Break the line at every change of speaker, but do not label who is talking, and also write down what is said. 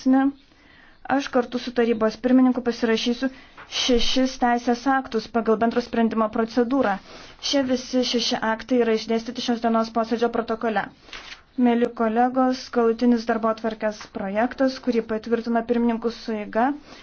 straipsnį, aš kartu su tarybos pirmininku pasirašysiu šešis teisės aktus pagal bendro sprendimo procedūrą. Šie visi šeši aktai yra išdėstyti šios dienos posėdžio protokole. Mėly kolegos, galutinis darbo atvarkės projektas,
kurį patvirtina pirmininkų suiga,